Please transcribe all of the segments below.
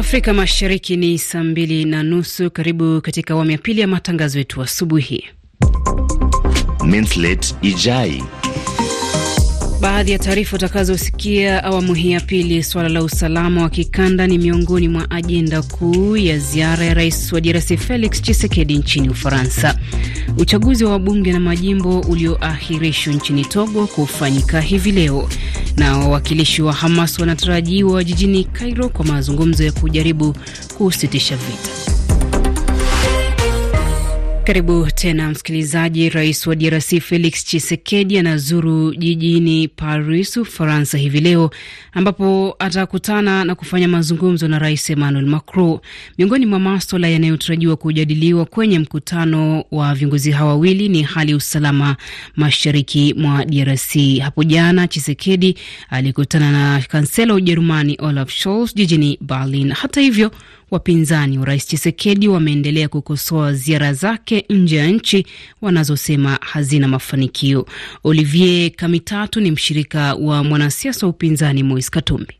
Afrika Mashariki ni saa mbili na nusu. Karibu katika awamu ya pili ya matangazo yetu asubuhi. Ijai, baadhi ya taarifa utakazosikia awamu hii ya pili. Suala la usalama wa kikanda ni miongoni mwa ajenda kuu ya ziara ya rais wa DRC Felix Tshisekedi nchini Ufaransa. Uchaguzi wa wabunge na majimbo ulioahirishwa nchini Togo kufanyika hivi leo. Na wawakilishi wa Hamas wanatarajiwa jijini Cairo kwa mazungumzo ya kujaribu kusitisha vita. Karibu tena msikilizaji. Rais wa DRC Felix chisekedi anazuru jijini Paris, Ufaransa hivi leo, ambapo atakutana na kufanya mazungumzo na Rais Emmanuel Macron. Miongoni mwa maswala yanayotarajiwa kujadiliwa kwenye mkutano wa viongozi hawa wawili ni hali ya usalama mashariki mwa DRC. Hapo jana chisekedi alikutana na kansela wa Ujerumani Olaf Scholz jijini Berlin. Hata hivyo Wapinzani wa rais Chisekedi wameendelea kukosoa ziara zake nje ya nchi wanazosema hazina mafanikio. Olivier Kamitatu ni mshirika wa mwanasiasa wa upinzani mois Katumbi.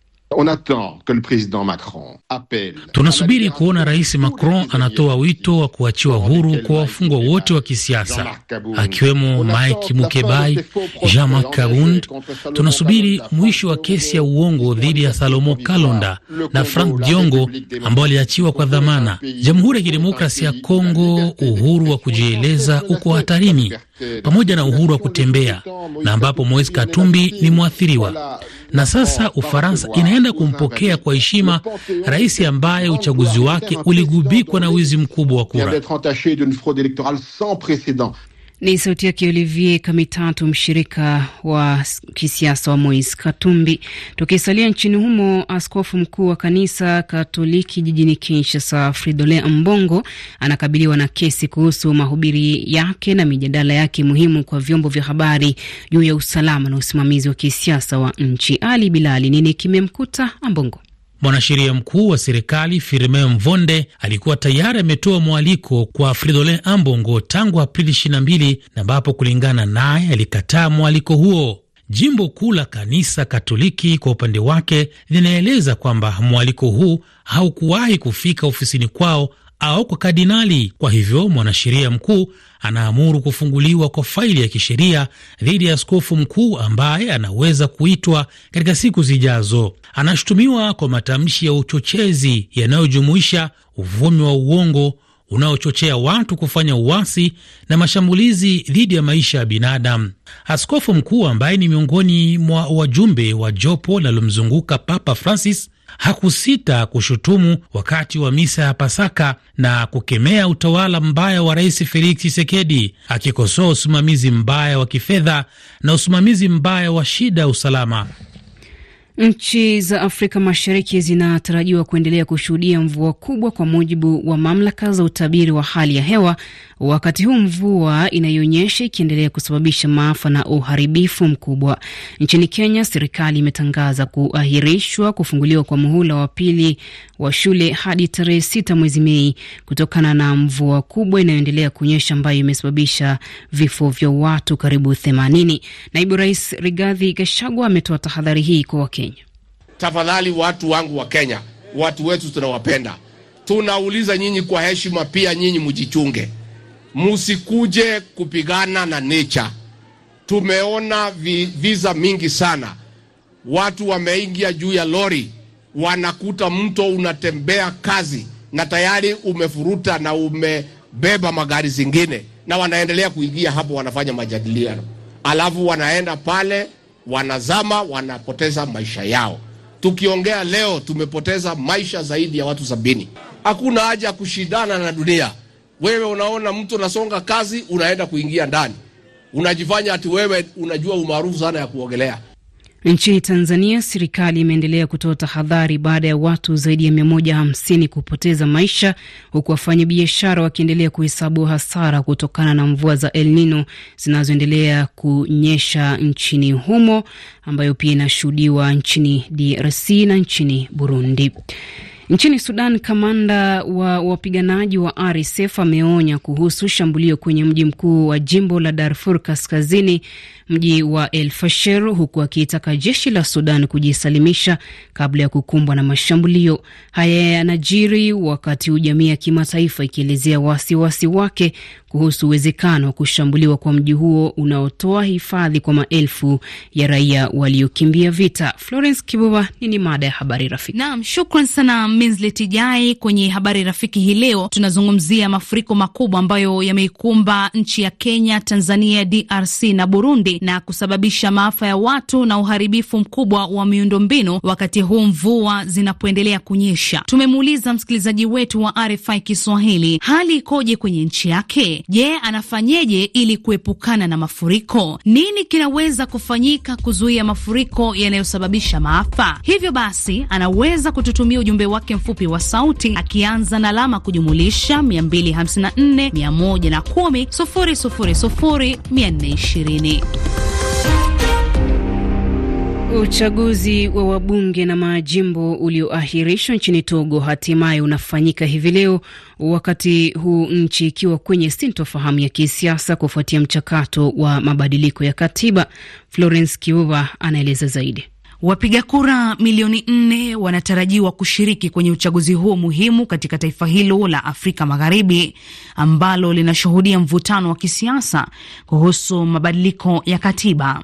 Tunasubiri kuona Rais Macron anatoa wito wa kuachiwa huru kwa wafungwa wote wa kisiasa akiwemo Mike Mukebai, Jean-Marc Kabund. Tunasubiri mwisho wa kesi ya uongo dhidi ya Salomo Kalonda na Frank Diongo ambao aliachiwa kwa dhamana. Jamhuri ya Kidemokrasia ya Kongo, uhuru wa kujieleza uko hatarini pamoja na uhuru wa kutembea na ambapo Moise Katumbi ni mwathiriwa. Na sasa Ufaransa inaenda kumpokea kwa heshima rais ambaye uchaguzi wake uligubikwa na wizi mkubwa wa kura. Ni sauti yake Olivier Kamitatu, mshirika wa kisiasa wa mois Katumbi. Tukisalia nchini humo, askofu mkuu wa kanisa Katoliki jijini Kinshasa, fridole Ambongo, anakabiliwa na kesi kuhusu mahubiri yake na mijadala yake muhimu kwa vyombo vya habari juu ya usalama na usimamizi wa kisiasa wa nchi. Ali Bilali, nini kimemkuta Ambongo? Mwanasheria mkuu wa serikali Firmin Mvonde alikuwa tayari ametoa mwaliko kwa Fridolin Ambongo tangu Aprili 22 na ambapo kulingana naye alikataa mwaliko huo. Jimbo kuu la kanisa Katoliki kwa upande wake linaeleza kwamba mwaliko huu haukuwahi kufika ofisini kwao au kwa kardinali. Kwa hivyo mwanasheria mkuu anaamuru kufunguliwa kwa faili ya kisheria dhidi ya askofu mkuu ambaye anaweza kuitwa katika siku zijazo. Anashutumiwa kwa matamshi ya uchochezi yanayojumuisha uvumi wa uongo unaochochea watu kufanya uasi na mashambulizi dhidi ya maisha ya binadamu. Askofu mkuu ambaye ni miongoni mwa wajumbe wa jopo linalomzunguka Papa Francis hakusita kushutumu wakati wa misa ya Pasaka na kukemea utawala mbaya wa Rais Felix Tshisekedi, akikosoa usimamizi mbaya wa kifedha na usimamizi mbaya wa shida ya usalama. Nchi za Afrika Mashariki zinatarajiwa kuendelea kushuhudia mvua kubwa kwa mujibu wa mamlaka za utabiri wa hali ya hewa, wakati huu mvua inayonyesha ikiendelea kusababisha maafa na uharibifu mkubwa. Nchini Kenya, serikali imetangaza kuahirishwa kufunguliwa kwa muhula wa pili wa shule hadi tarehe sita mwezi Mei kutokana na mvua kubwa inayoendelea kunyesha ambayo imesababisha vifo vya watu karibu 80. Naibu Rais Rigathi Gachagua ametoa tahadhari hii kwa Wakenya. Tafadhali watu wangu wa Kenya, watu wetu tunawapenda, tunauliza nyinyi kwa heshima, pia nyinyi mjichunge, musikuje kupigana na nature. Tumeona visa mingi sana, watu wameingia juu ya lori, wanakuta mto unatembea kazi na tayari umefuruta na umebeba magari zingine, na wanaendelea kuingia hapo, wanafanya majadiliano, alafu wanaenda pale, wanazama, wanapoteza maisha yao. Tukiongea leo tumepoteza maisha zaidi ya watu sabini. Hakuna haja ya kushindana na dunia. Wewe unaona mtu unasonga kazi, unaenda kuingia ndani, unajifanya ati wewe unajua umaarufu sana ya kuogelea. Nchini Tanzania, serikali imeendelea kutoa tahadhari baada ya watu zaidi ya 150 kupoteza maisha, huku wafanyabiashara wakiendelea kuhesabu hasara kutokana na mvua za El Nino zinazoendelea kunyesha nchini humo, ambayo pia inashuhudiwa nchini DRC na nchini Burundi. Nchini Sudan, kamanda wa wapiganaji wa RSF ameonya kuhusu shambulio kwenye mji mkuu wa jimbo la Darfur Kaskazini, mji wa El Fasher, huku akiitaka jeshi la Sudan kujisalimisha kabla ya kukumbwa na mashambulio. Haya yanajiri wakati jamii ya kimataifa ikielezea wasiwasi wake kuhusu uwezekano wa kushambuliwa kwa mji huo unaotoa hifadhi kwa maelfu ya raia waliokimbia vita. Florence Kibuba, nini mada ya habari rafiki? Naam, shukran sana Minzlet Jai. Kwenye habari rafiki hii leo tunazungumzia mafuriko makubwa ambayo yameikumba nchi ya Kenya, Tanzania, DRC na Burundi na kusababisha maafa ya watu na uharibifu mkubwa wa miundombinu wakati huu mvua zinapoendelea kunyesha. Tumemuuliza msikilizaji wetu wa RFI Kiswahili hali ikoje kwenye nchi yake. Je, anafanyeje ili kuepukana na mafuriko? Nini kinaweza kufanyika kuzuia mafuriko yanayosababisha maafa? Hivyo basi, anaweza kututumia ujumbe wake mfupi wa sauti akianza na alama kujumulisha 254 110 000 420. Uchaguzi wa wabunge na majimbo ulioahirishwa nchini Togo hatimaye unafanyika hivi leo, wakati huu nchi ikiwa kwenye sintofahamu ya kisiasa kufuatia mchakato wa mabadiliko ya katiba. Florence Kiuva anaeleza zaidi. Wapiga kura milioni nne wanatarajiwa kushiriki kwenye uchaguzi huo muhimu katika taifa hilo la Afrika Magharibi ambalo linashuhudia mvutano wa kisiasa kuhusu mabadiliko ya katiba.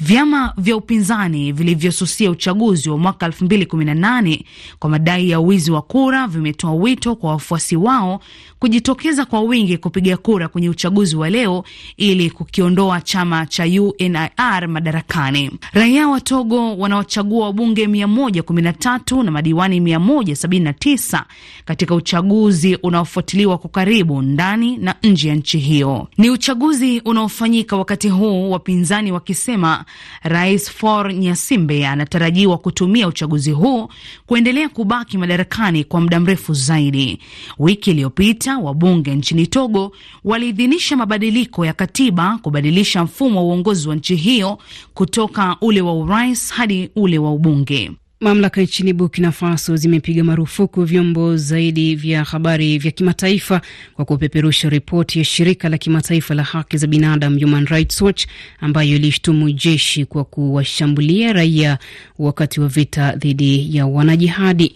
Vyama vya upinzani vilivyosusia uchaguzi wa mwaka 2018 kwa madai ya wizi wa kura vimetoa wito kwa wafuasi wao kujitokeza kwa wingi kupiga kura kwenye uchaguzi wa leo ili kukiondoa chama cha UNIR madarakani. Raia wa Togo wanaochagua wabunge 113 na madiwani 179 katika uchaguzi unaofuatiliwa kwa karibu ndani na nje ya nchi hiyo. Ni uchaguzi unaofanyika wakati huu wapinzani wakisema amesema Rais For Nyasimbe anatarajiwa kutumia uchaguzi huu kuendelea kubaki madarakani kwa muda mrefu zaidi. Wiki iliyopita wabunge nchini Togo waliidhinisha mabadiliko ya katiba kubadilisha mfumo wa uongozi wa nchi hiyo kutoka ule wa urais hadi ule wa ubunge. Mamlaka nchini Burkina Faso zimepiga marufuku vyombo zaidi vya habari vya kimataifa kwa kupeperusha ripoti ya shirika la kimataifa la haki za binadamu Human Rights Watch ambayo ilishtumu jeshi kwa kuwashambulia raia wakati wa vita dhidi ya wanajihadi.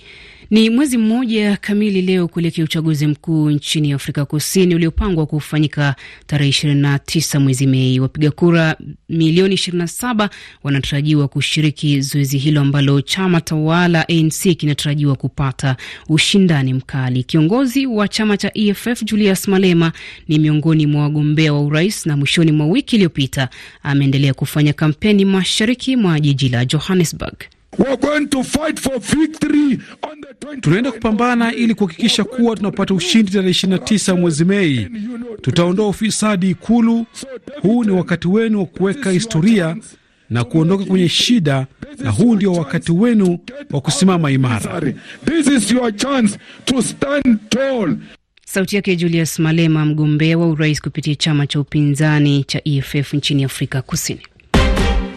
Ni mwezi mmoja kamili leo kuelekea uchaguzi mkuu nchini Afrika Kusini uliopangwa kufanyika tarehe 29 mwezi Mei. Wapiga kura milioni 27 wanatarajiwa kushiriki zoezi hilo ambalo chama tawala ANC kinatarajiwa kupata ushindani mkali. Kiongozi wa chama cha EFF Julius Malema ni miongoni mwa wagombea wa urais na mwishoni mwa wiki iliyopita ameendelea kufanya kampeni mashariki mwa jiji la Johannesburg. Tunaenda kupambana ili kuhakikisha kuwa tunapata ushindi tarehe 29 mwezi Mei. Tutaondoa ufisadi Ikulu. Huu ni wakati wenu wa kuweka historia na kuondoka kwenye shida, na huu ndio wakati wenu wa kusimama imara. Sauti yake Julius Malema, mgombea wa urais kupitia chama cha upinzani cha EFF nchini Afrika Kusini.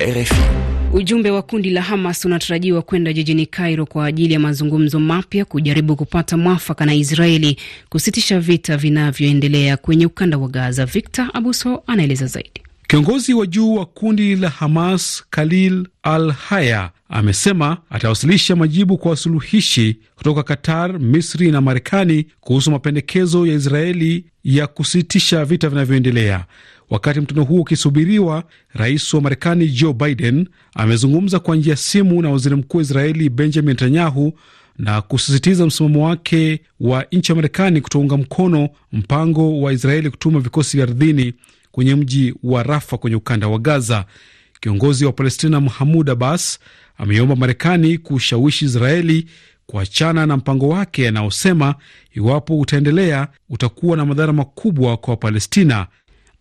RFI. Ujumbe wa kundi la Hamas unatarajiwa kwenda jijini Cairo kwa ajili ya mazungumzo mapya kujaribu kupata mwafaka na Israeli kusitisha vita vinavyoendelea kwenye ukanda wa Gaza. Victor Abuso anaeleza zaidi. Kiongozi wa juu wa kundi la Hamas Khalil Al-Haya amesema atawasilisha majibu kwa wasuluhishi kutoka Qatar, Misri na Marekani kuhusu mapendekezo ya Israeli ya kusitisha vita vinavyoendelea. Wakati mkutano huo ukisubiriwa, rais wa Marekani Joe Biden amezungumza kwa njia ya simu na waziri mkuu wa Israeli Benjamin Netanyahu na kusisitiza msimamo wake wa nchi ya Marekani kutounga mkono mpango wa Israeli kutuma vikosi vya ardhini kwenye mji wa Rafa kwenye ukanda wa Gaza. Kiongozi wa Palestina Mahmud Abbas ameiomba Marekani kushawishi Israeli kuachana na mpango wake anaosema iwapo utaendelea utakuwa na madhara makubwa kwa Wapalestina.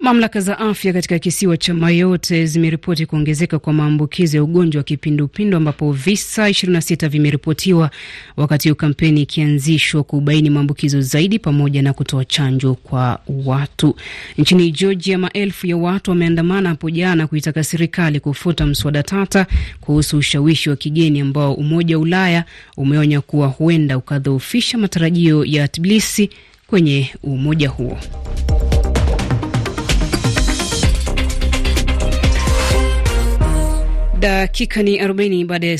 Mamlaka za afya katika kisiwa cha Mayotte zimeripoti kuongezeka kwa maambukizi ya ugonjwa wa kipindupindu ambapo visa 26 vimeripotiwa, wakati huu kampeni ikianzishwa kubaini maambukizo zaidi pamoja na kutoa chanjo kwa watu. Nchini Georgia, maelfu ya watu wameandamana hapo jana kuitaka serikali kufuta mswada tata kuhusu ushawishi wa kigeni ambao Umoja wa Ulaya umeonya kuwa huenda ukadhoofisha matarajio ya Tbilisi kwenye umoja huo. Dakika ni 40 baada ya